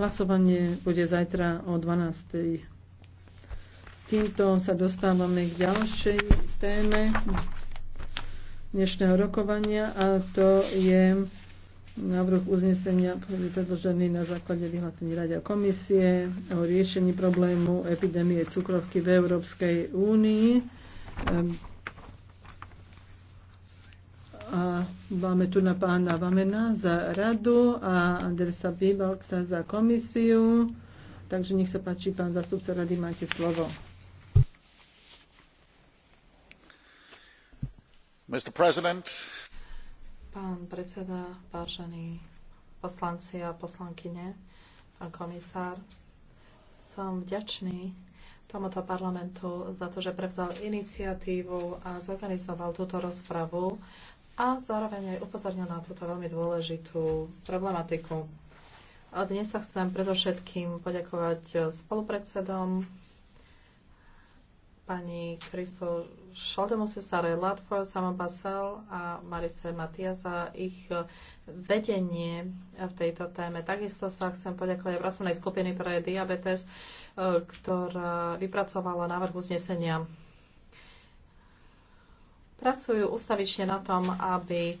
Hlasovanie bude zajtra o 12. Týmto sa dostávame k ďalšej téme dnešného rokovania a to je návrh uznesenia predložený na základe vyhlásenia Rade a komisie o riešení problému epidémie cukrovky v Európskej únii. A máme tu na pána Vamena za radu a Andersa Bibalksa za komisiu. Takže nech sa páči, pán zastupca rady, máte slovo. Mr. President. Pán predseda, vážení poslanci a poslankyne, pán komisár, som vďačný tomuto parlamentu za to, že prevzal iniciatívu a zorganizoval túto rozpravu a zároveň aj upozornil na túto veľmi dôležitú problematiku. A dnes sa chcem predovšetkým poďakovať spolupredsedom pani Kriso Šaldemuse, Sare Latford, Sama Basel a Marise Matia za ich vedenie v tejto téme. Takisto sa chcem poďakovať pracovnej skupiny pre diabetes, e, ktorá vypracovala návrh uznesenia pracujú ustavične na tom, aby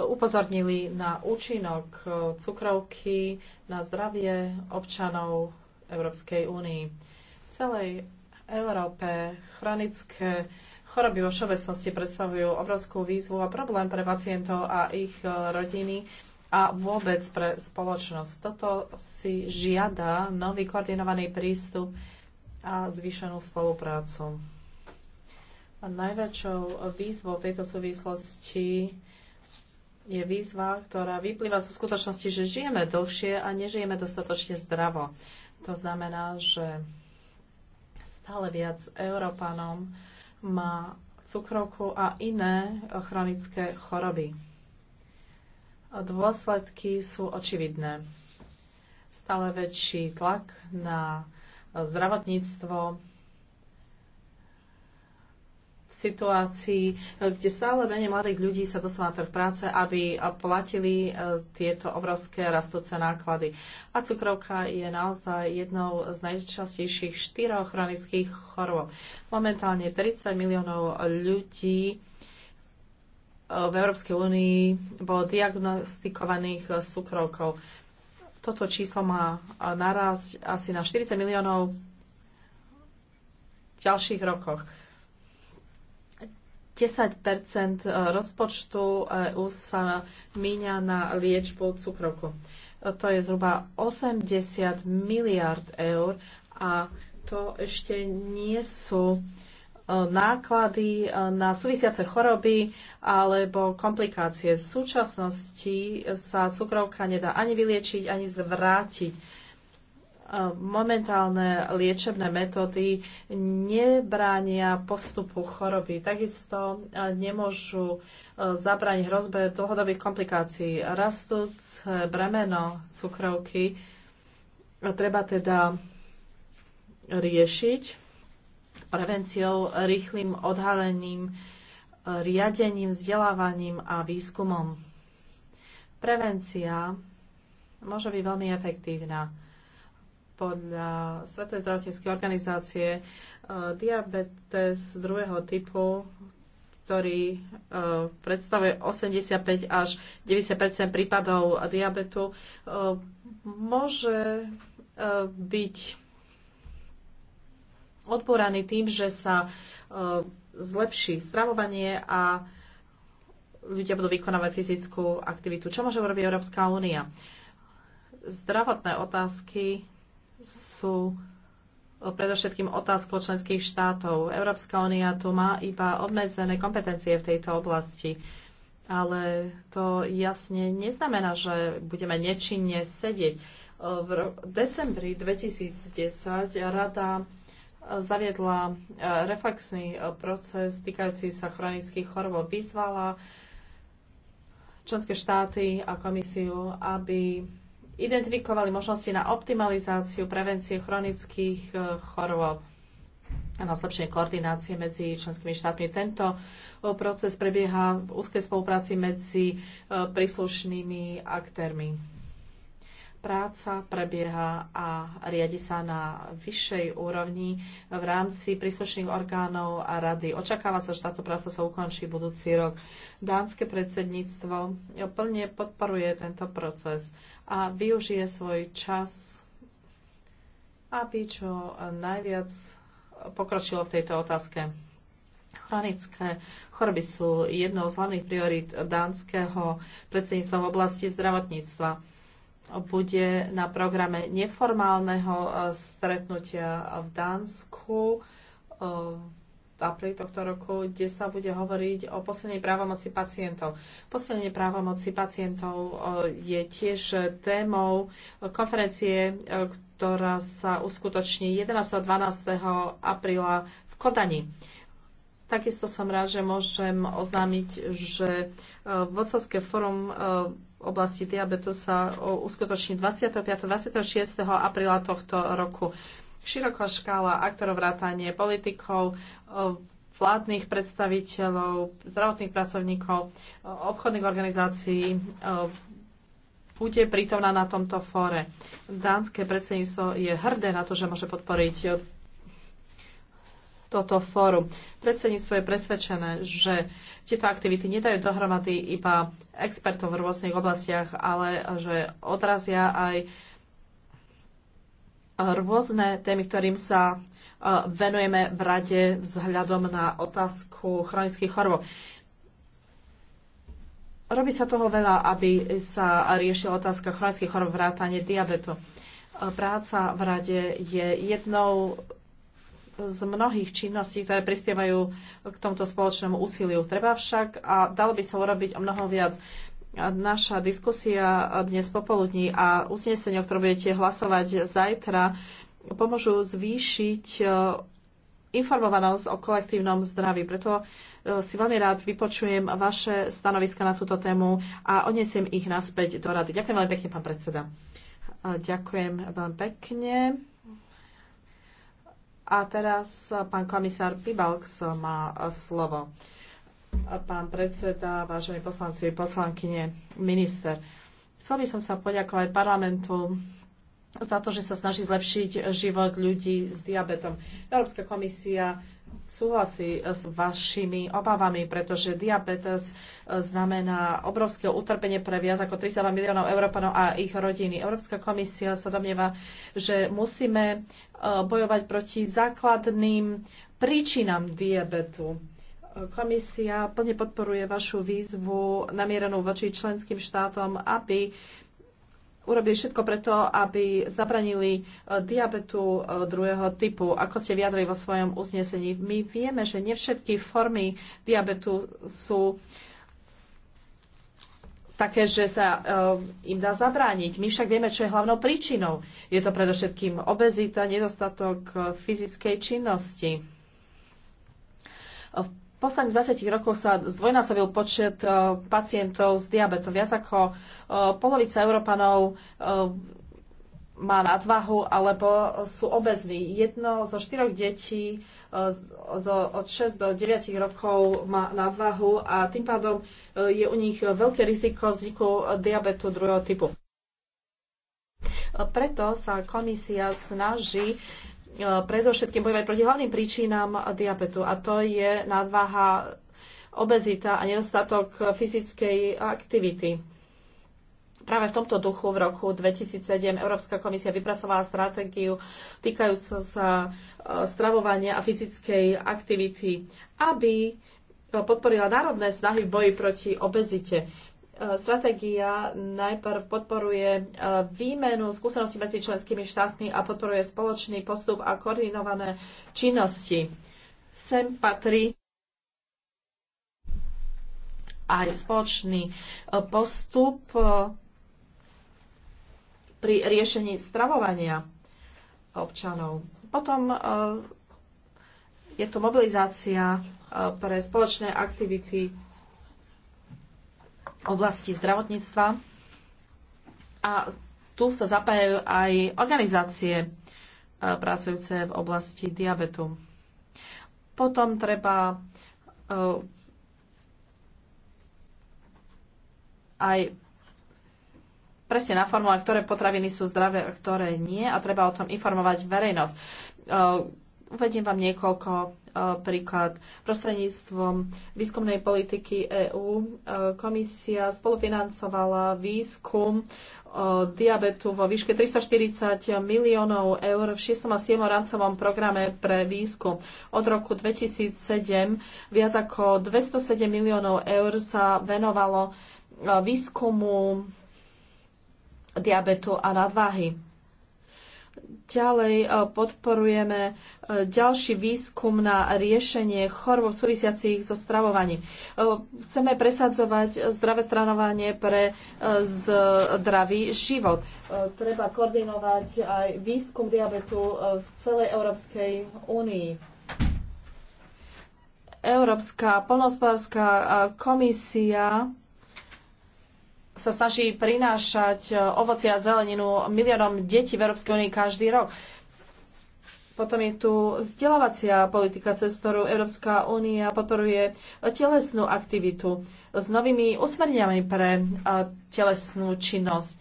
upozornili na účinok eh, cukrovky na zdravie občanov Európskej únii. V celej Európe chronické choroby vo všeobecnosti predstavujú obrovskú výzvu a problém pre pacientov a ich eh, rodiny a vôbec pre spoločnosť. Toto si žiada nový koordinovaný prístup a zvýšenú spoluprácu. A najväčšou výzvou tejto súvislosti je výzva, ktorá vyplýva zo skutočnosti, že žijeme dlhšie a nežijeme dostatočne zdravo. To znamená, že stále viac Európanom má cukrovku a iné chronické choroby. Dôsledky sú očividné. Stále väčší tlak na zdravotníctvo, situácii, kde stále menej mladých ľudí sa dostáva na trh práce, aby platili e, tieto obrovské rastúce náklady. A cukrovka je naozaj jednou z najčastejších štyroch chronických chorôb. Momentálne 30 miliónov ľudí e, v Európskej únii bolo diagnostikovaných s cukrovkou. Toto číslo má e, narásť asi na 40 miliónov v ďalších rokoch. 10 e, rozpočtu EU sa míňa na liečbu cukrovku. E, to je zhruba 80 miliard eur a to ešte nie sú e, náklady na súvisiace choroby alebo komplikácie. V súčasnosti sa cukrovka nedá ani vyliečiť, ani zvrátiť momentálne liečebné metódy nebránia postupu choroby. Takisto eh, nemôžu eh, zabrániť hrozbe dlhodobých komplikácií. Rastúce bremeno cukrovky eh, treba teda riešiť prevenciou, rýchlým odhalením, riadením, vzdelávaním a výskumom. Prevencia môže byť veľmi efektívna podľa Svetovej zdravotníckej organizácie e, diabetes druhého typu, ktorý e, predstavuje 85 až 90 prípadov diabetu, e, môže byť odporaný tým, že sa zlepší stravovanie a ľudia budú vykonávať fyzickú aktivitu. Čo môže urobiť Európska únia? Zdravotné otázky sú e, predovšetkým otázkou členských štátov. Európska únia tu má iba obmedzené kompetencie v tejto oblasti. Ale to jasne neznamená, že budeme nečinne sedieť. E, v decembri 2010 rada e, zaviedla reflexný proces týkajúci sa chronických chorôb. Vyzvala členské štáty a komisiu, aby identifikovali možnosti na optimalizáciu prevencie chronických e, chorôb a na zlepšenie koordinácie medzi členskými štátmi. Tento e, proces prebieha v úzkej spolupráci medzi e, príslušnými aktérmi. Práca prebieha a riadi sa na vyššej úrovni v rámci príslušných orgánov a rady. Očakáva sa, že táto práca sa ukončí budúci rok. Dánske predsedníctvo plne podporuje tento proces a využije svoj čas, aby čo najviac pokročilo v tejto otázke. Chronické choroby sú jednou z hlavných priorít dánskeho predsedníctva v oblasti zdravotníctva. Bude na programe neformálneho eh, stretnutia v Dánsku eh, apríli tohto roku, kde sa bude hovoriť o posilnení právomoci pacientov. Posilnenie právomoci pacientov e, je tiež témou konferencie, e, ktorá sa uskutoční 11. a 12. apríla v Kodani. Takisto som rád, že môžem oznámiť, že e, Vodcovské fórum v oblasti diabetu sa uskutoční 25. 26. apríla tohto roku široká škála aktorov vrátanie politikov, vládnych predstaviteľov, zdravotných pracovníkov, obchodných organizácií bude prítomná na tomto fóre. Dánske predsedníctvo je hrdé na to, že môže podporiť toto fórum. Predsedníctvo je presvedčené, že tieto aktivity nedajú dohromady iba expertov v rôznych oblastiach, ale že odrazia aj uh, rôzne témy, ktorým sa e, venujeme v rade vzhľadom na otázku chronických chorôb. Robí sa toho veľa, aby sa riešila otázka chronických chorôb vrátane diabetu. E, práca v rade je jednou z mnohých činností, ktoré prispievajú k tomuto spoločnému úsiliu. Treba však, a dalo by sa urobiť o mnoho viac, naša diskusia dnes popoludní a uznesenie, o ktorom budete hlasovať zajtra, pomôžu zvýšiť e, informovanosť o kolektívnom zdraví. Preto e, si veľmi rád vypočujem vaše stanoviska na túto tému a odnesiem ich naspäť do rady. Ďakujem veľmi pekne, pán predseda. Ďakujem veľmi pekne. A teraz e, pán komisár Pibalks má slovo pán predseda, vážení poslanci, poslankyne, minister. Chcel by som sa poďakovať parlamentu za to, že sa snaží zlepšiť život ľudí s diabetom. Európska komisia súhlasí s vašimi obavami, pretože diabetes znamená obrovské utrpenie pre viac ako 32 miliónov Európanov a ich rodiny. Európska komisia sa domnieva, že musíme eh, bojovať proti základným príčinám diabetu Komisia plne podporuje vašu výzvu namierenú voči členským štátom, aby urobili všetko preto, aby zabranili e, diabetu e, druhého typu, ako ste vyjadrili vo svojom uznesení. My vieme, že ne všetky formy diabetu sú také, že sa e, im dá zabrániť. My však vieme, čo je hlavnou príčinou. Je to predovšetkým obezita, nedostatok fyzickej činnosti. V posledných 20 rokov sa zdvojnásobil počet e, pacientov s diabetom. Viac ako e, polovica Európanov e, má nadvahu alebo sú obezní. Jedno zo štyroch detí od 6 do 9 rokov má nadvahu a tým pádom je u nich veľké riziko vzniku diabetu druhého typu. Preto sa komisia snaží uh, E, predovšetkým bojovať proti hlavným príčinám diabetu a to je nadváha, obezita a nedostatok fyzickej aktivity. Práve v tomto duchu v roku 2007 Európska komisia vypracovala stratégiu týkajúcu sa e, stravovania a fyzickej aktivity, aby podporila národné snahy v boji proti obezite. E, stratégia najprv podporuje e, výmenu skúseností medzi členskými štátmi a podporuje spoločný postup a koordinované činnosti. Sem patrí aj spoločný e, postup pri riešení stravovania občanov. Potom je to mobilizácia pre spoločné aktivity oblasti zdravotníctva. A tu sa zapájajú aj organizácie e, pracujúce v oblasti diabetu. Potom treba e, aj presne naformulovať, ktoré potraviny sú zdravé a ktoré nie a treba o tom informovať verejnosť. E, uvediem vám niekoľko Eh, príklad. Prostredníctvom výskumnej politiky EÚ eh, komisia spolufinancovala výskum eh, diabetu vo výške 340 miliónov eur v 6. a 7. rámcovom programe pre výskum. Od roku 2007 viac ako 207 miliónov eur sa venovalo výskumu diabetu a nadváhy Ďalej e, podporujeme e, ďalší výskum na riešenie chorôb súvisiacich so stravovaním. E, chceme presadzovať zdravé stranovanie pre zdravý život. Treba koordinovať aj výskum diabetu v celej Európskej únii. Európska polnohospodárska komisia sa snaží prinášať e, ovoci a zeleninu miliónom detí v Európskej únii každý rok. Potom je tu vzdelávacia politika, cez ktorú Európska únia podporuje telesnú aktivitu s novými usmerňami pre e, telesnú činnosť.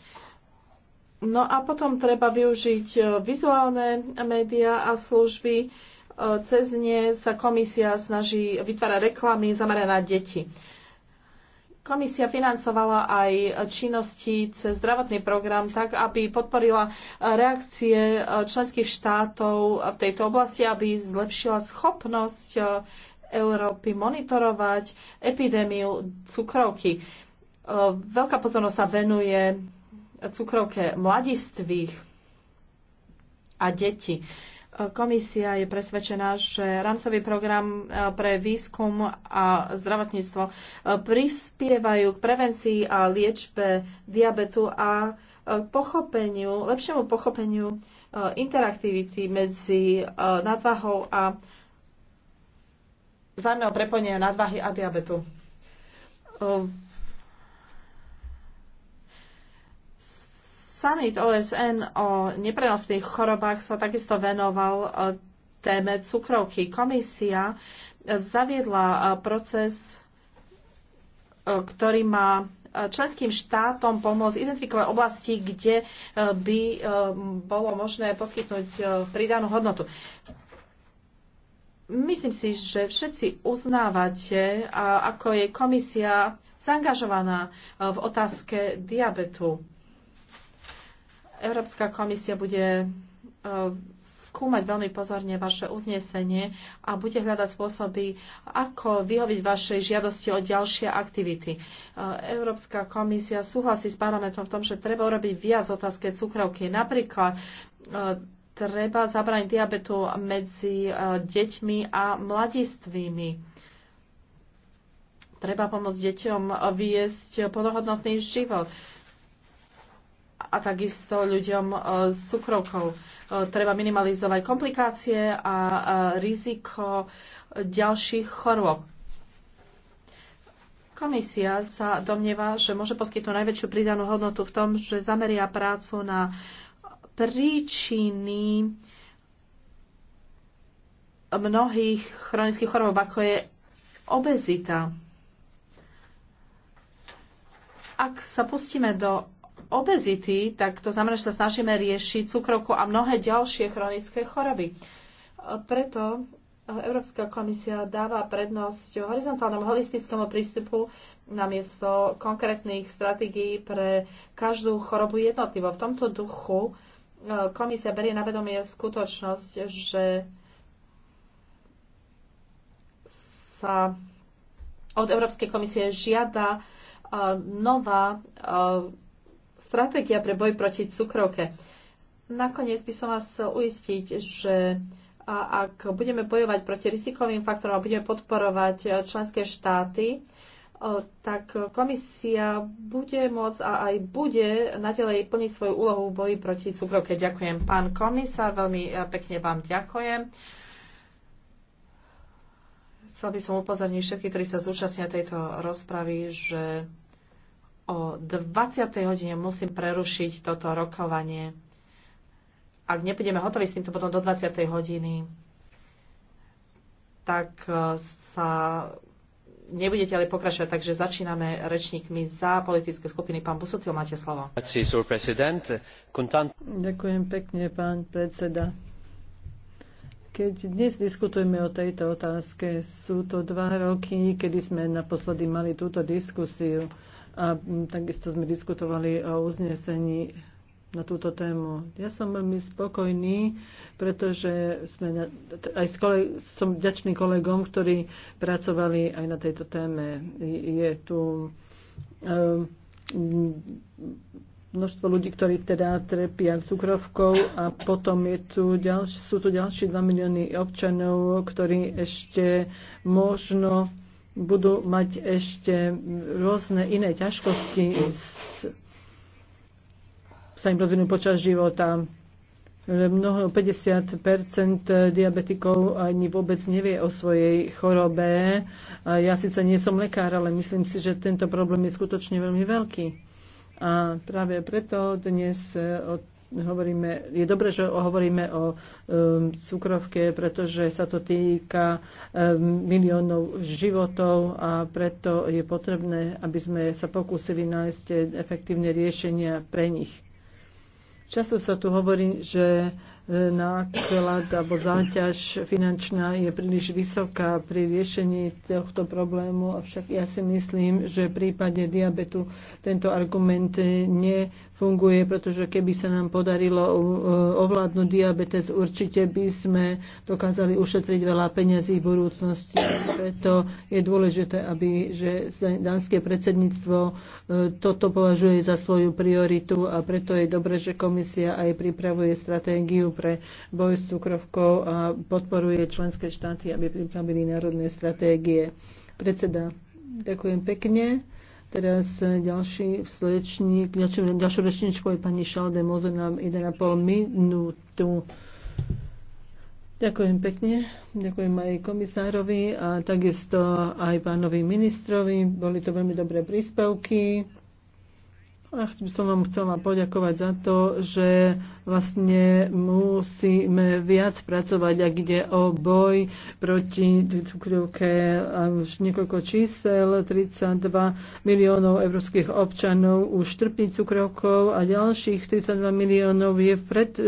No a potom treba využiť e, vizuálne médiá a služby. Cez ne sa komisia snaží vytvárať reklamy zamerané na deti. Komisia financovala aj činnosti cez zdravotný program tak, aby podporila reakcie e, členských štátov v tejto oblasti, aby zlepšila schopnosť e, Európy monitorovať epidémiu cukrovky. E, veľká pozornosť sa venuje cukrovke mladistvých a detí. Komisia je presvedčená, že rámcový program eh, pre výskum a zdravotníctvo eh, prispievajú k prevencii a liečbe diabetu a k eh, pochopeniu, lepšiemu pochopeniu interaktivity medzi nadvahou a zájmeho prepojenia nadvahy a diabetu Summit OSN o neprenosných chorobách sa takisto venoval e, téme cukrovky. Komisia zaviedla e, proces, e, ktorý má členským štátom pomôcť identifikovať oblasti, kde by bolo možné poskytnúť pridanú hodnotu. Myslím si, že všetci uznávate, ako je komisia zaangažovaná v otázke diabetu. Európska komisia bude e, skúmať veľmi pozorne vaše uznesenie a bude hľadať spôsoby, ako vyhoviť vašej žiadosti o ďalšie aktivity. E, Európska komisia súhlasí s parlamentom v tom, že treba urobiť viac otázke cukrovky. Napríklad e, treba zabrániť diabetu medzi deťmi a mladistvými. Treba pomôcť deťom viesť plnohodnotný život a takisto ľuďom e, s cukrovkou. E, treba minimalizovať komplikácie a e, riziko ďalších chorôb. Komisia sa domnieva, že môže poskytnúť najväčšiu pridanú hodnotu v tom, že zameria prácu na príčiny mnohých chronických chorôb, ako je obezita. Ak sa pustíme do obezity, tak to znamená, že sa snažíme riešiť cukrovku a mnohé ďalšie chronické choroby. Preto Európska komisia dáva prednosť horizontálnemu holistickému prístupu namiesto konkrétnych stratégií pre každú chorobu jednotlivo. V tomto duchu e, komisia berie na vedomie skutočnosť, že sa od Európskej komisie žiada e, nová e, stratégia pre boj proti cukrovke. Nakoniec by som vás chcel uistiť, že ak budeme bojovať proti rizikovým faktorom a budeme podporovať e, členské štáty, e, tak komisia bude môcť a aj bude naďalej plniť svoju úlohu v boji proti cukrovke. Ďakujem, pán komisár, veľmi e, pekne vám ďakujem. Chcel by som upozorniť všetkých, ktorí sa zúčastnia tejto rozpravy, že o 20. hodine musím prerušiť toto rokovanie. Ak nebudeme hotoví s týmto potom do 20. hodiny, tak e, sa nebudete ale pokračovať, takže začíname rečníkmi za politické skupiny. Pán Busutil, máte slovo. Ďakujem pekne, pán predseda. Keď dnes diskutujeme o tejto otázke, sú to dva roky, kedy sme naposledy mali túto diskusiu a takisto sme diskutovali o uznesení na túto tému. Ja som veľmi spokojný, pretože sme, aj s koleg- som vďačný kolegom, ktorí pracovali aj na tejto téme. Je tu um, množstvo ľudí, ktorí teda trepia cukrovkou a potom je tu ďalš- sú tu ďalší 2 milióny občanov, ktorí ešte možno budú mať ešte rôzne iné ťažkosti, sa im rozvinú počas života. Mnoho 50 diabetikov ani vôbec nevie o svojej chorobe. Ja síce nie som lekár, ale myslím si, že tento problém je skutočne veľmi veľký. A práve preto dnes od hovoríme, je dobré, že hovoríme o um, cukrovke, pretože sa to týka um, miliónov životov a preto je potrebné, aby sme sa pokúsili nájsť efektívne riešenia pre nich. Často sa tu hovorí, že náklad alebo záťaž finančná je príliš vysoká pri riešení tohto problému, avšak ja si myslím, že v prípade diabetu tento argument nefunguje, pretože keby sa nám podarilo uh, ovládnuť diabetes, určite by sme dokázali ušetriť veľa peňazí v budúcnosti. Preto je dôležité, aby že dánske predsedníctvo uh, toto považuje za svoju prioritu a preto je dobre, že komisia aj pripravuje stratégiu pre boj s cukrovkou a podporuje členské štáty, aby pripravili národné stratégie. Predseda, ďakujem pekne. Teraz ďalší slečník, ďalšiu, ďalšou je pani Šalde Moze nám 1,5 minútu. Ďakujem pekne. Ďakujem aj komisárovi a takisto aj pánovi ministrovi. Boli to veľmi dobré príspevky. A som vám chcela poďakovať za to, že vlastne musíme viac pracovať, ak ide o boj proti cukrovke. Už niekoľko čísel, 32 miliónov európskych občanov už trpí cukrovkou a ďalších 32 miliónov je v pred e,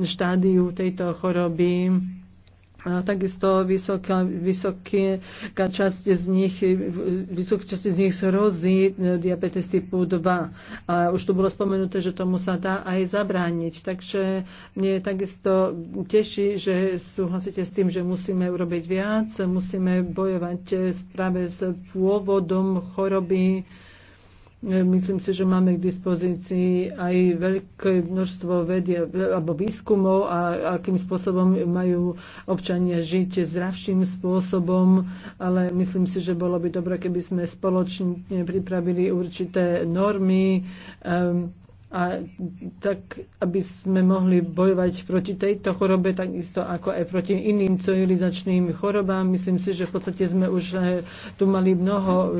štádiu tejto choroby. A takisto vysoká, vysoké, časť z nich, vysoká časť z nich hrozí e, diabetes typu 2. A už tu bolo spomenuté, že tomu sa dá aj zabrániť. Takže mne takisto teší, že súhlasíte s tým, že musíme urobiť viac, musíme bojovať e, práve s pôvodom choroby, Myslím si, že máme k dispozícii aj veľké množstvo vedia alebo výskumov a akým spôsobom majú občania žiť zdravším spôsobom, ale myslím si, že bolo by dobre, keby sme spoločne pripravili určité normy, ehm, a tak, aby sme mohli bojovať proti tejto chorobe, takisto ako aj proti iným civilizačným chorobám. Myslím si, že v podstate sme už eh, tu mali mnoho eh,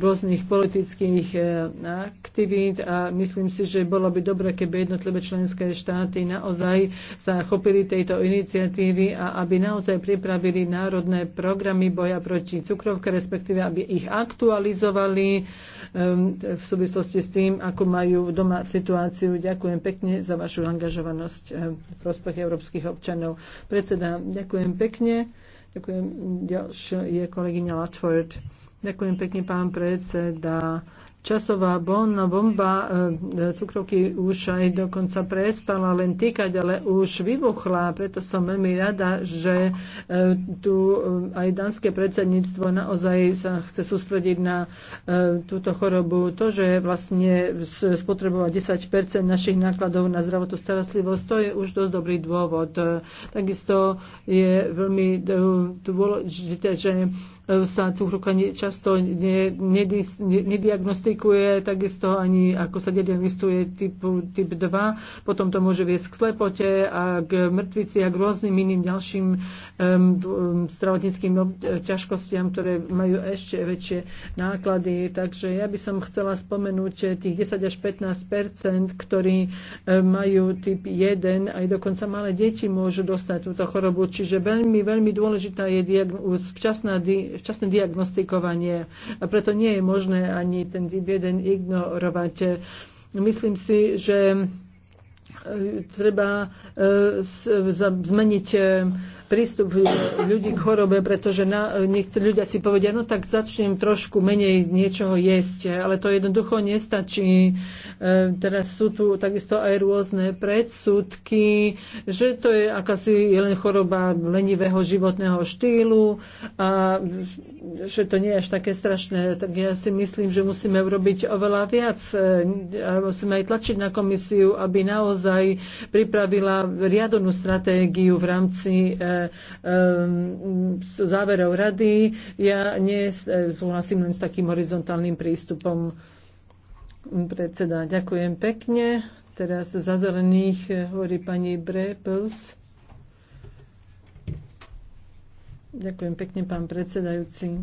rôznych politických eh, aktivít a myslím si, že bolo by dobre, keby jednotlivé členské štáty naozaj sa chopili tejto iniciatívy a aby naozaj pripravili národné programy boja proti cukrovke, respektíve aby ich aktualizovali v súvislosti s tým, ako majú doma situáciu. Ďakujem pekne za vašu angažovanosť v prospech európskych občanov. Predseda, ďakujem pekne. Ďakujem, ďalšia je kolegyňa Latford. Ďakujem pekne, pán predseda časová bonna, bomba e, e, cukrovky už aj dokonca prestala len týkať, ale už vybuchla. Preto som veľmi rada, že e, tu aj danské predsedníctvo naozaj sa chce sústrediť na túto chorobu. To, že vlastne spotrebovať 10 našich nákladov na zdravotnú starostlivosť, to je už dosť dobrý dôvod. Takisto je veľmi dôležité, že sa cukrovka často ne, ne nediagnostikuje, takisto ani ako sa diagnostikuje typu, typ 2, potom to môže viesť k slepote a k mŕtvici a k rôznym iným ďalším um, zdravotníckým ťažkostiam, ktoré majú ešte väčšie náklady. Takže ja by som chcela spomenúť tých 10 až 15 ktorí majú typ 1, aj dokonca malé deti môžu dostať túto chorobu. Čiže veľmi, veľmi dôležitá je diagnoz, včasná di- včasné diagnostikovanie. A preto nie je možné ani ten typ 1 ignorovať. Myslím si, že e, treba e, zmeniť e, prístup ľudí k chorobe, pretože na, niektorí ľudia si povedia, no tak začnem trošku menej niečoho jesť, ale to jednoducho nestačí. E, teraz sú tu takisto aj rôzne predsudky, že to je akási len choroba lenivého životného štýlu a že to nie je až také strašné. Tak ja si myslím, že musíme urobiť oveľa viac e, a musíme aj tlačiť na komisiu, aby naozaj pripravila riadnu stratégiu v rámci e, um, záverov rady. Ja nesúhlasím e, len s takým horizontálnym prístupom predseda. Ďakujem pekne. Teraz za zelených hovorí pani Brepels. Ďakujem pekne, pán predsedajúci.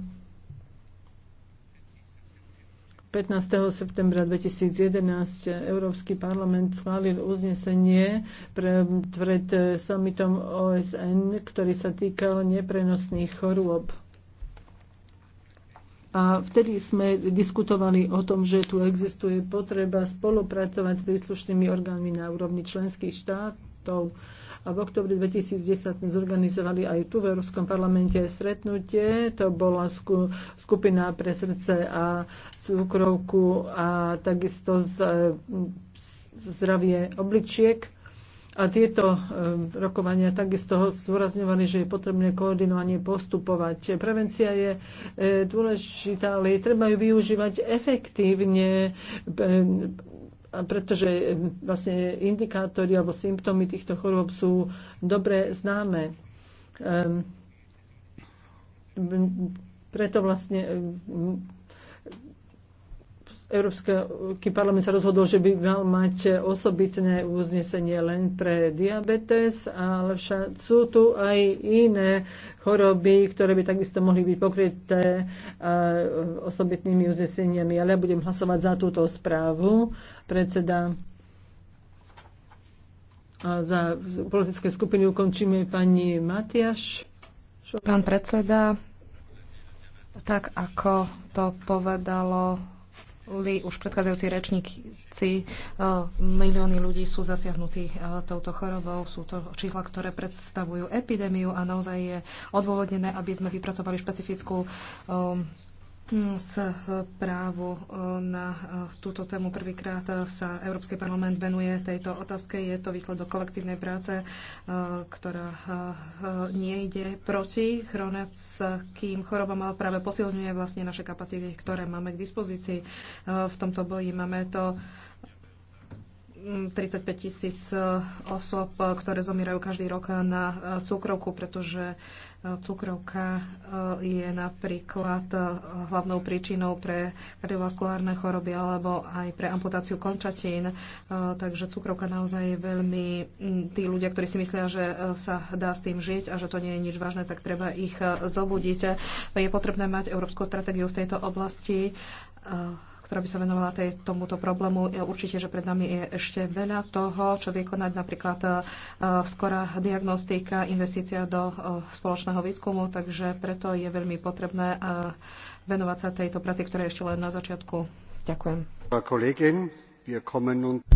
15. septembra 2011 Európsky parlament schválil uznesenie pre, pred summitom OSN, ktorý sa týkal neprenosných chorôb. A vtedy sme diskutovali o tom, že tu existuje potreba spolupracovať s príslušnými orgánmi na úrovni členských štátov a v oktobri 2010 sme zorganizovali aj tu v Európskom parlamente stretnutie. To bola skupina pre srdce a cukrovku a takisto z, e, zdravie obličiek. A tieto e, rokovania takisto zdôrazňovali, že je potrebné koordinovanie postupovať. Prevencia je e, dôležitá, ale je treba ju využívať efektívne pretože eh, vlastne indikátory alebo symptómy týchto chorôb sú dobre známe. Ehm, preto vlastne eh, Európsky eh, parlament sa rozhodol, že by mal mať osobitné uznesenie len pre diabetes, ale však sú tu aj iné choroby, ktoré by takisto mohli byť pokryté eh, osobitnými uzneseniami. Ale ja budem hlasovať za túto správu. Predseda a za politické skupiny ukončíme pani Matiaš. Pán predseda, tak ako to povedalo hovorili už predchádzajúci rečníci, e, milióny ľudí sú zasiahnutí e, touto chorobou. Sú to čísla, ktoré predstavujú epidémiu a naozaj je odôvodnené, aby sme vypracovali špecifickú e, Eh, právo eh, na eh, túto tému. Prvýkrát sa Európsky parlament venuje tejto otázke. Je to výsledok kolektívnej práce, ktorá nie ide proti chronickým chorobám, ale práve posilňuje vlastne naše kapacity, ktoré máme k dispozícii. V tomto boji máme to 35 mm, tisíc osôb, ktoré zomierajú každý rok na cukrovku, pretože Cukrovka eh, je napríklad eh, hlavnou príčinou pre kardiovaskulárne choroby alebo aj pre amputáciu končatín. Eh, takže cukrovka naozaj je veľmi... Hm, tí ľudia, ktorí si myslia, že sa dá s tým žiť a že to nie je nič vážne, tak treba ich zobudiť. Je potrebné mať európsku stratégiu v tejto oblasti ktorá by sa venovala tej, tomuto problému. Je určite, že pred nami je ešte veľa toho, čo vykonať napríklad e, skorá diagnostika, investícia do e, spoločného výskumu, takže preto je veľmi potrebné e, venovať sa tejto práci, ktorá je ešte len na začiatku. Ďakujem.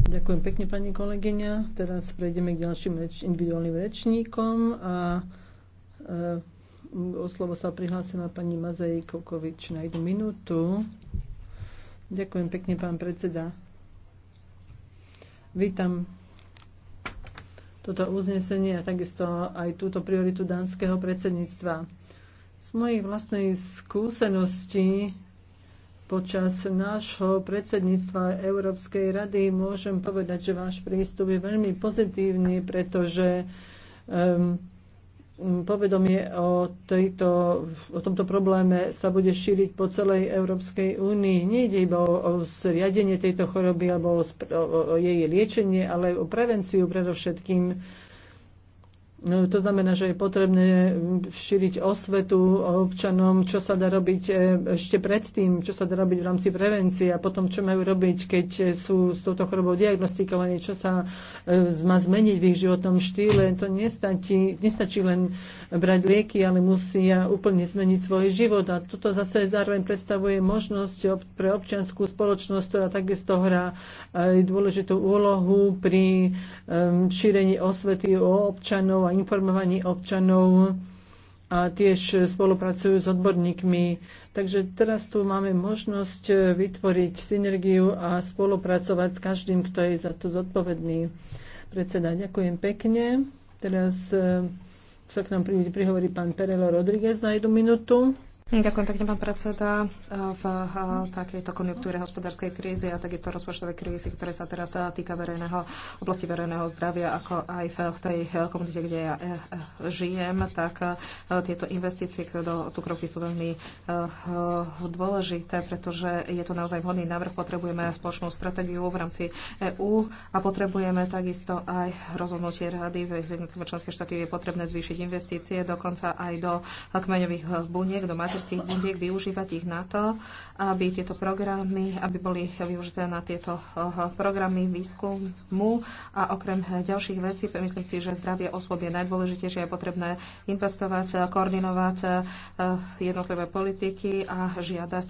Ďakujem pekne, pani kolegyňa. Teraz prejdeme k ďalším reč, individuálnym rečníkom a e, o slovo sa prihlásila pani Mazej Kokovič na jednu minútu. Ďakujem pekne, pán predseda. Vítam toto uznesenie a takisto aj túto prioritu dánskeho predsedníctva. Z mojej vlastnej skúsenosti počas nášho predsedníctva Európskej rady môžem povedať, že váš prístup je veľmi pozitívny, pretože um, povedomie o, tejto, o tomto probléme sa bude šíriť po celej Európskej únii. Nejde iba o, o zriadenie tejto choroby alebo o, o jej liečenie, ale o prevenciu predovšetkým No, to znamená, že je potrebné mm, šíriť osvetu občanom, čo sa dá robiť e, ešte predtým, čo sa dá robiť v rámci prevencie a potom, čo majú robiť, keď e, sú s touto chorobou diagnostikovaní, čo sa e, má zmeniť v ich životnom štýle. To nestačí, nestačí len brať lieky, ale musia úplne zmeniť svoj život. A toto zase zároveň predstavuje možnosť pre občianskú spoločnosť, ktorá takisto hrá dôležitú úlohu pri šírení osvety o občanov a informovaní občanov a tiež spolupracujú s odborníkmi. Takže teraz tu máme možnosť vytvoriť synergiu a spolupracovať s každým, kto je za to zodpovedný. Predseda, ďakujem pekne. Teraz eh, sa k nám prihovorí pán Perelo Rodriguez na jednu minútu. Ďakujem pekne, pán predseda. V takejto konjunktúre hospodárskej krízy a takisto rozpočtovej krízy, ktoré sa teraz týka verejného, oblasti verejného zdravia, ako aj v tej e, komunite, kde ja e, e, žijem, tak tieto investície do cukrovky sú veľmi dôležité, pretože je to naozaj vhodný návrh. Potrebujeme spoločnú stratégiu v rámci EÚ a potrebujeme takisto aj rozhodnutie rady. V členské štáty je potrebné zvýšiť investície, dokonca aj do kmeňových buniek, do mater- materských budiek, využívať ich na to, aby tieto programy, aby boli využité na tieto eh, programy výskumu a okrem eh, ďalších vecí, myslím si, že zdravie osôb je najdôležitejšie, je potrebné investovať, eh, koordinovať jednotlivé politiky a žiadať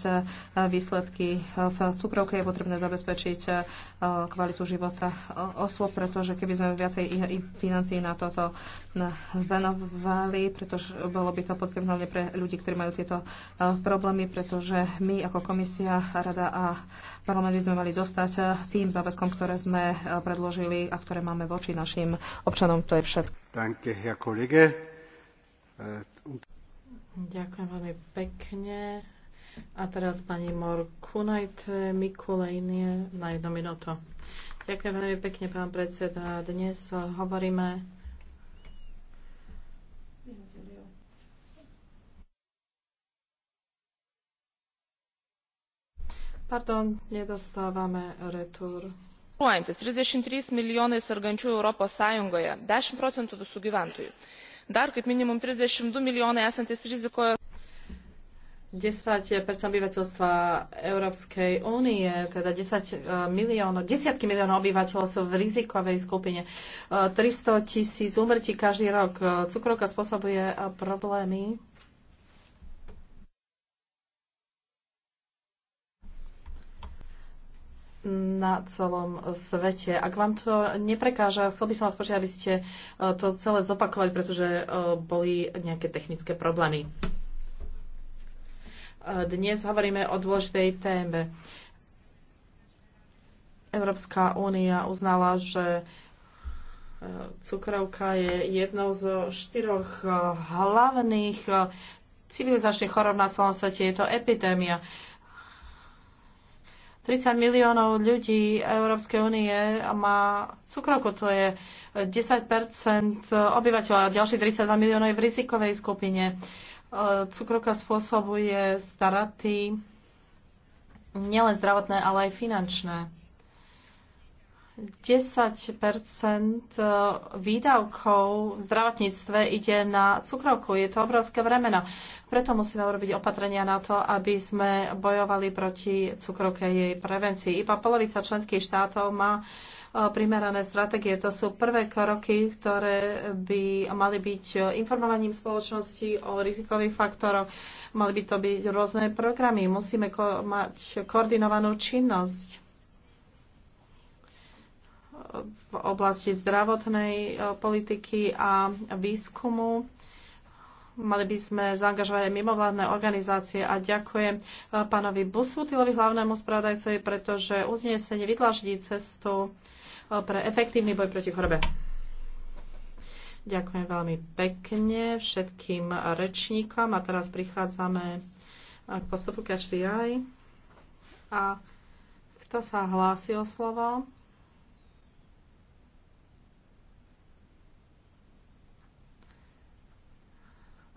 výsledky. V cukrovke je potrebné zabezpečiť kvalitu života osôb, pretože keby sme viacej financí na toto venovali, pretože bolo by to potrebné pre ľudí, ktorí majú tieto v eh, problémy, pretože my ako komisia, rada a parlament by sme mali zostať eh, tým záväzkom, ktoré sme eh, predložili a ktoré máme voči našim občanom. To je všetko. Danke, Herr Kollege. Ďakujem veľmi pekne. A teraz pani Morkunajte Mikulejnie na jednu minútu. Ďakujem veľmi pekne, pán predseda. Dnes hovoríme Pardon, nedostávame retur. Ruojantis 33 milijonai sargančių Europos Sąjungoje, 10 procentų visų gyventojų. Dar kaip minimum 32 milijonai esantis rizikoje. 10 obyvateľstva Európskej únie, teda 10 eh, miliónov, desiatky miliónov obyvateľov sú v rizikovej skupine. 300 eh, tisíc umrtí každý rok. Eh, Cukrovka spôsobuje problémy na celom svete. Ak vám to neprekáža, chcel by som vás počítať, aby ste e, to celé zopakovali, pretože e, boli nejaké technické problémy. E, dnes hovoríme o dôležitej téme. Európska únia uznala, že cukrovka je jednou zo štyroch hlavných civilizačných chorob na celom svete. Je to epidémia. 30 miliónov ľudí Európskej únie má cukrovku, to je 10 obyvateľov a ďalších 32 miliónov je v rizikovej skupine. E, cukrovka spôsobuje straty nielen zdravotné, ale aj finančné. 10 e, výdavkov v zdravotníctve ide na cukrovku. Je to obrovské vremena. Preto musíme urobiť opatrenia na to, aby sme bojovali proti cukrovke jej prevencii. Iba polovica členských štátov má e, primerané stratégie. To sú prvé kroky, ktoré by mali byť informovaním spoločnosti o rizikových faktoroch. Mali by to byť rôzne programy. Musíme ko- mať koordinovanú činnosť v oblasti zdravotnej e, politiky a výskumu. Mali by sme zaangažovať aj mimovládne organizácie a ďakujem e, pánovi Busutilovi, hlavnému spravodajcovi, pretože uznesenie vydlaždí cestu e, pre efektívny boj proti chorobe. Ďakujem veľmi pekne všetkým rečníkom a teraz prichádzame k postupu Catch A kto sa hlási o slovo?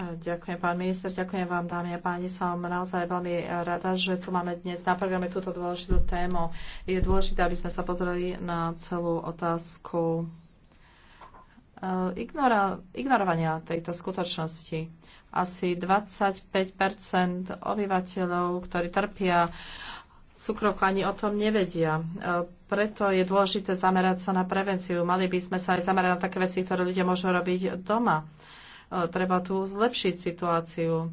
Ďakujem, pán minister, ďakujem vám, dámy a páni. Som naozaj veľmi rada, že tu máme dnes na programe túto dôležitú tému. Je dôležité, aby sme sa pozreli na celú otázku eh, ignora, ignorovania tejto skutočnosti. Asi 25 obyvateľov, ktorí trpia cukrovku, ani o tom nevedia. Eh, preto je dôležité zamerať sa na prevenciu. Mali by sme sa aj zamerať na také veci, ktoré ľudia môžu robiť doma E, treba tu zlepšiť situáciu.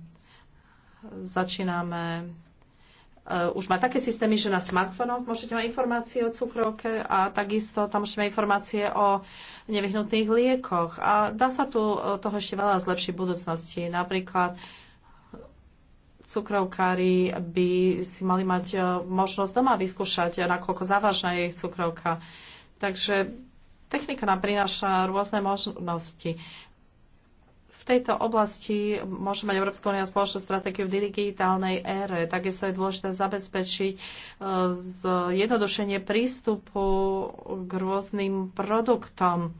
Začíname e, už má také systémy, že na smartfónoch môžete mať informácie o cukrovke a takisto tam môžete mať informácie o nevyhnutných liekoch. A dá sa tu e, toho ešte veľa zlepšiť v budúcnosti. Napríklad cukrovkári by si mali mať možnosť doma vyskúšať, nakoľko závažná je ich cukrovka. Takže technika nám prináša rôzne možnosti v tejto oblasti môže mať Európska únia spoločnú stratégiu v digitálnej ére. Takisto je dôležité zabezpečiť e, zjednodušenie prístupu k rôznym produktom.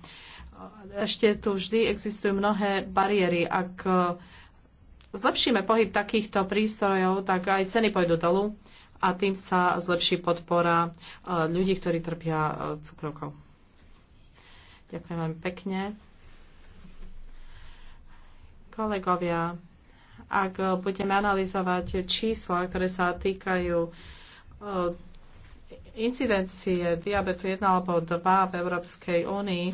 Ešte tu vždy existujú mnohé bariéry. Ak e, zlepšíme pohyb takýchto prístrojov, tak aj ceny pôjdu dolu a tým sa zlepší podpora e, ľudí, ktorí trpia cukrovkou. Ďakujem veľmi pekne. Kolegovia, ak budeme analyzovať čísla, ktoré sa týkajú eh, incidencie diabetu 1 alebo 2 v Európskej únii, eh,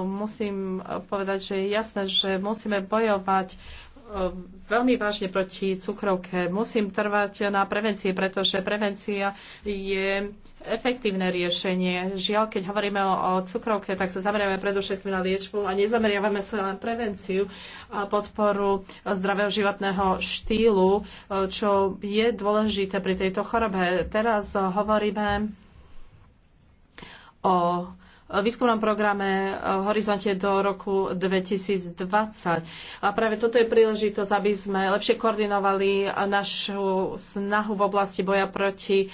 musím povedať, že je jasné, že musíme bojovať E, veľmi vážne proti cukrovke. Musím trvať na prevencii, pretože prevencia je efektívne riešenie. Žiaľ, keď hovoríme o cukrovke, tak sa zameriavame predovšetkým na liečbu a nezameriavame sa na prevenciu a podporu zdravého životného štýlu, e, čo je dôležité pri tejto chorobe. Teraz hovoríme o výskumnom programe e, v Horizonte do roku 2020. A práve toto je príležitosť, aby sme lepšie koordinovali našu snahu v oblasti boja proti e,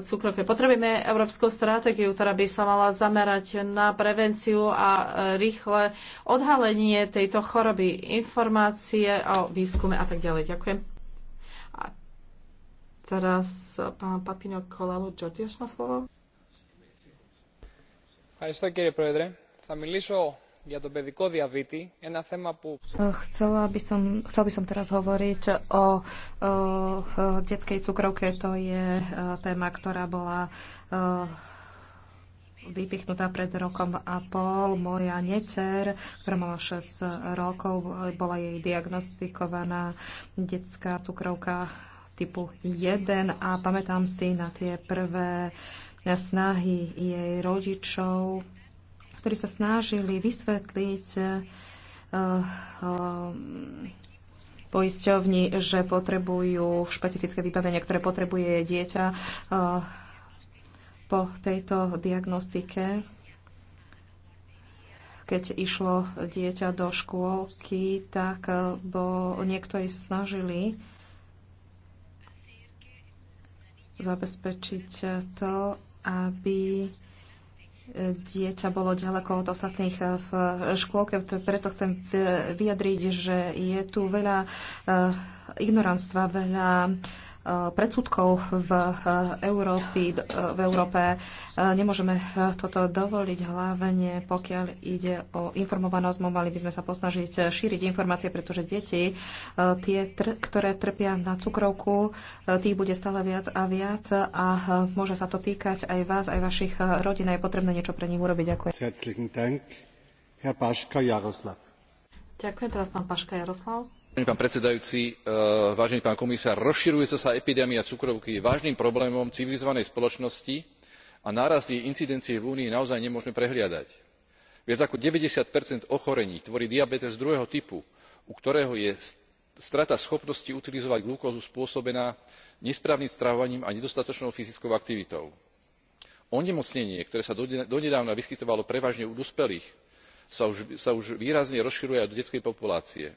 cukrovke. Potrebujeme európsku stratégiu, ktorá by sa mala zamerať na prevenciu a e, rýchle odhalenie tejto choroby, informácie o výskume a tak ďalej. Ďakujem. A teraz pán Papino Kolalo Džordiaš má slovo. Chcela by som, chcel by som teraz hovoriť o, o, detskej cukrovke. To je e, téma, ktorá bola e, vypichnutá pred rokom a pol. Moja neter, ktorá mala 6 rokov, bola jej diagnostikovaná detská cukrovka typu 1 a pamätám si na tie prvé snahy jej rodičov, ktorí sa snažili vysvetliť eh, eh, poisťovni, že potrebujú špecifické vybavenie, ktoré potrebuje dieťa eh, po tejto diagnostike keď išlo dieťa do škôlky, tak bo niektorí sa snažili zabezpečiť to, aby e, dieťa bolo ďaleko od ostatných e, v škôlke. Preto chcem e, vyjadriť, že je tu veľa ignoranstva, veľa Eh, predsudkov v, eh, Európy, eh, v Európe. Nemôžeme toto dovoliť, hlavne pokiaľ ide o informovanosť. Mali by sme sa posnažiť šíriť informácie, pretože deti, tie, ktoré trpia na cukrovku, tých bude stále viac a viac a môže sa to týkať aj vás, aj vašich rodín. Je potrebné niečo pre nich urobiť. Ďakujem. Herr Paška Jaroslav. Ďakujem. Teraz pán Paška Jaroslav. E, rozširujúca sa epidémia cukrovky je vážnym problémom civilizovanej spoločnosti a nárast jej incidencie v únii naozaj nemôžeme prehliadať. viac ako ninety ochorení tvorí diabetes druhého typu u ktorého je strata schopnosti utilizovať glukózu spôsobená nesprávnym stravovaním a nedostatočnou fyzickou aktivitou. onemocnenie ktoré sa donedávna vyskytovalo prevažne u dospelých sa už výrazne rozširuje aj do detskej populácie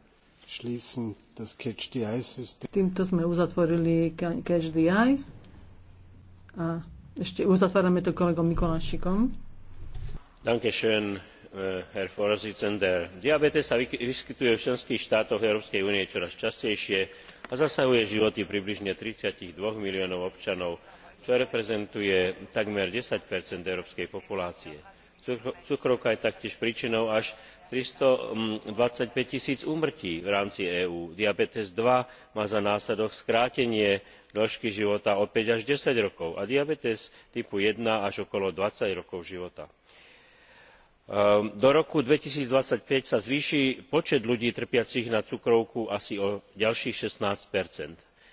Týmto sme uzatvorili Catch the Eye. A ešte uzatvárame to kolegom Mikolášikom. Dankeschön, eh, Herr Vorsitzender. Diabetes sa vyskytuje v členských štátoch Európskej únie čoraz častejšie a zasahuje životy približne 32 miliónov občanov, čo reprezentuje takmer 10 európskej populácie cukrovka je taktiež príčinou až three hundred and twenty five tisíc úmrtí v rámci eú diabetes two má za následok skrátenie dĺžky života o five až ten rokov a diabetes typu one až okolo twenty rokov života. Ehm, do roku two thousand and twenty five sa zvýši počet ľudí trpiacich na cukrovku asi o ďalších sixteen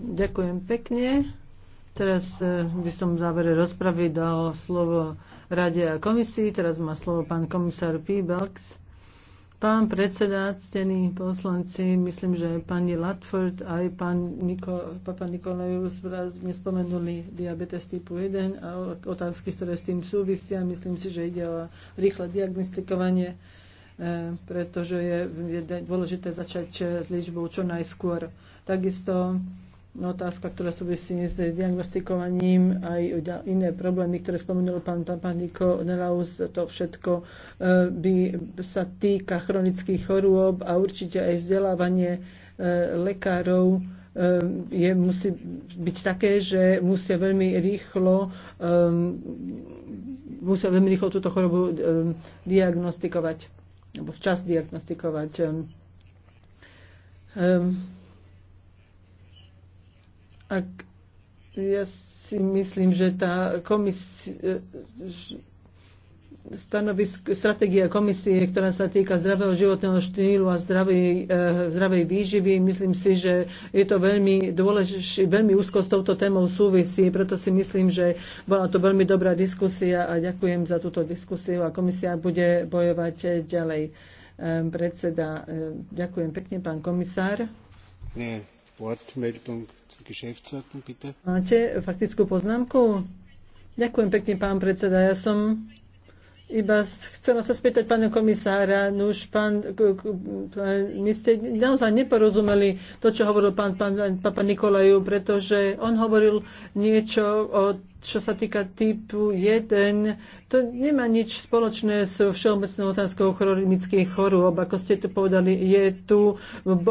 Ďakujem pekne. Teraz e, by som v závere rozpravy dal slovo Rade a komisii. Teraz má slovo pán komisár Pibalks. Pán predseda, ctení poslanci, myslím, že pani Latford aj pán Niko, papa Nikolajú nespomenuli diabetes typu 1 a otázky, ktoré s tým súvisia. Myslím si, že ide o rýchle diagnostikovanie E, pretože je dôležité začať e, s liečbou čo najskôr. Takisto no, otázka, ktorá súvisí s diagnostikovaním, aj iné problémy, ktoré spomenul pán Papaniko Nelaus, to všetko e, by sa týka chronických chorôb a určite aj vzdelávanie lekárov je, musí byť také, že musia veľmi rýchlo um, musia veľmi rýchlo túto chorobu um, diagnostikovať alebo včas diagnostikovať. Um, Ak ja si myslím, že tá komisia, e, stanovisk, Strategia komisie, ktorá sa týka zdravého životného štýlu a zdravej, e, zdravej výživy. Myslím si, že je to veľmi dôležité, veľmi úzko s touto témou súvisí, preto si myslím, že bola to veľmi dobrá diskusia a ďakujem za túto diskusiu a komisia bude bojovať ďalej. E, predseda, e, ďakujem pekne, pán komisár. Nie, Wortmeldung Geschäftsordnung, bitte. Máte faktickú poznámku? Ďakujem pekne, pán predseda. Ja som iba chcela sa spýtať pána komisára, no už pán, my ste naozaj neporozumeli to, čo hovoril pán, pán, pán Nikolaju, pretože on hovoril niečo o čo sa týka typu 1, to nemá nič spoločné s všeobecnou otázkou chronických chorôb. Ako ste tu povedali, je tu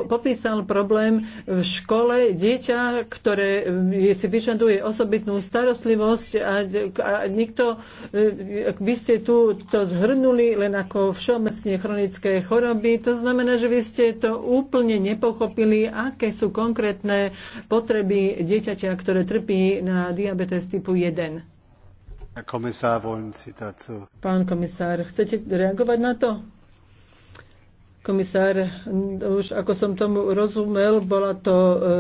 popísal problém v škole dieťa, ktoré e, si vyžaduje osobitnú starostlivosť a, a nikto, e, vy ste tu to zhrnuli len ako všeobecne chronické choroby. To znamená, že vy ste to úplne nepochopili, aké sú konkrétne potreby dieťaťa, ktoré trpí na diabetes typu 1. Komisár, Pán komisár, chcete reagovať na to? komisár, už ako som tomu rozumel, bola to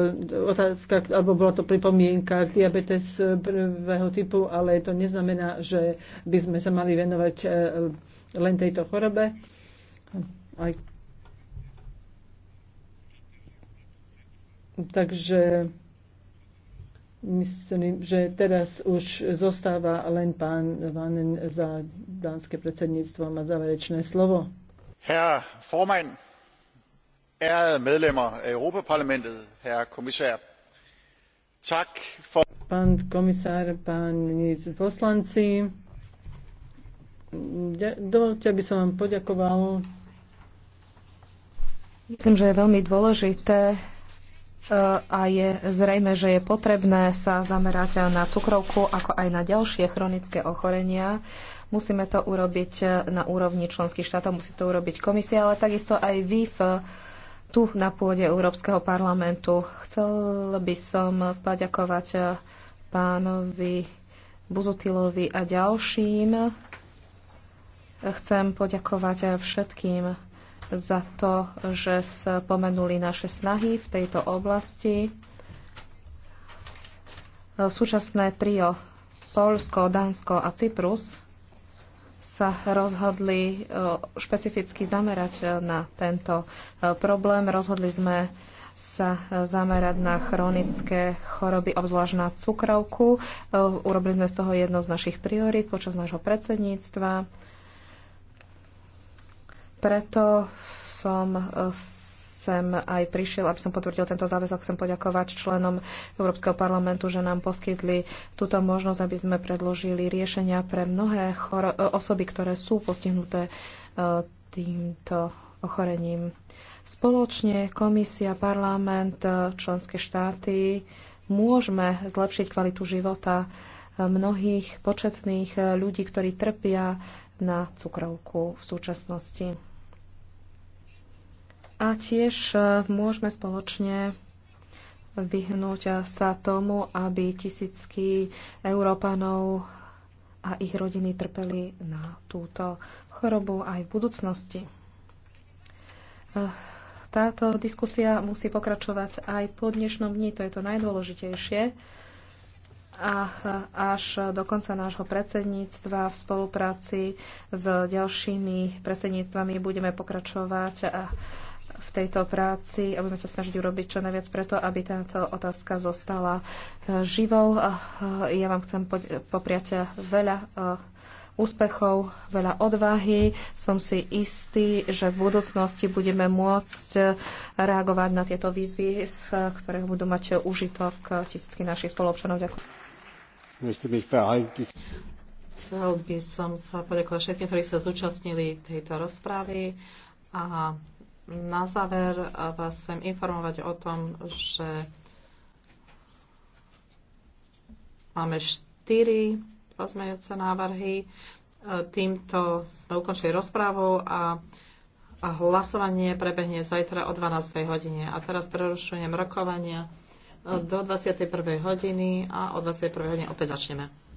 e, otázka, alebo bola to pripomienka k diabetes prvého typu, ale to neznamená, že by sme sa mali venovať e, len tejto chorobe. Aj... Takže Myslím, že teraz už zostáva len pán Vanen za dánske predsedníctvo a záverečné slovo. Herr formand, ärade medlemmer af Europaparlamentet, herr kommissær. Tak for... Pán komisár, páni poslanci, dovolte, aby som vám poďakoval. Myslím, že je veľmi dôležité a je zrejme, že je potrebné sa zamerať na cukrovku, ako aj na ďalšie chronické ochorenia. Musíme to urobiť na úrovni členských štátov, musí to urobiť komisia, ale takisto aj vy v, tu na pôde Európskeho parlamentu. Chcel by som poďakovať pánovi Buzutilovi a ďalším. Chcem poďakovať všetkým za to, že spomenuli naše snahy v tejto oblasti. Súčasné trio Polsko, Dánsko a Cyprus sa rozhodli e, špecificky zamerať e, na tento e, problém. Rozhodli sme sa zamerať na chronické choroby, obzvlášť na cukrovku. Urobili sme z toho jedno z našich priorít počas nášho predsedníctva preto som eh, sem aj prišiel, aby som potvrdil tento záväzok. Chcem poďakovať členom Európskeho parlamentu, že nám poskytli túto možnosť, aby sme predložili riešenia pre mnohé eh, osoby, ktoré sú postihnuté eh, týmto ochorením. Spoločne komisia, parlament, členské štáty môžeme zlepšiť kvalitu života mnohých početných ľudí, ktorí trpia na cukrovku v súčasnosti. A tiež e, môžeme spoločne vyhnúť sa tomu, aby tisícky Európanov a ich rodiny trpeli na túto chorobu aj v budúcnosti. E, táto diskusia musí pokračovať aj po dnešnom dni, to je to najdôležitejšie. A až do konca nášho predsedníctva v spolupráci s ďalšími predsedníctvami budeme pokračovať v tejto práci a budeme sa snažiť urobiť čo najviac preto, aby táto otázka zostala e, živou. E, ja vám chcem popriať e, veľa úspechov, veľa odvahy. Som si istý, že v budúcnosti budeme môcť reagovať na tieto výzvy, z ktorých budú mať užitok tisícky našich spoluobčanov. Ďakujem. Chcel by som sa poďakovať všetkým, ktorí sa zúčastnili tejto rozprávy a na záver vás chcem informovať o tom, že máme štyri pozmeňujúce návrhy. Týmto sme ukončili rozprávu a, a hlasovanie prebehne zajtra o 12. hodine. A teraz prerušujem rokovania do 21. hodiny a o 21. hodine opäť začneme.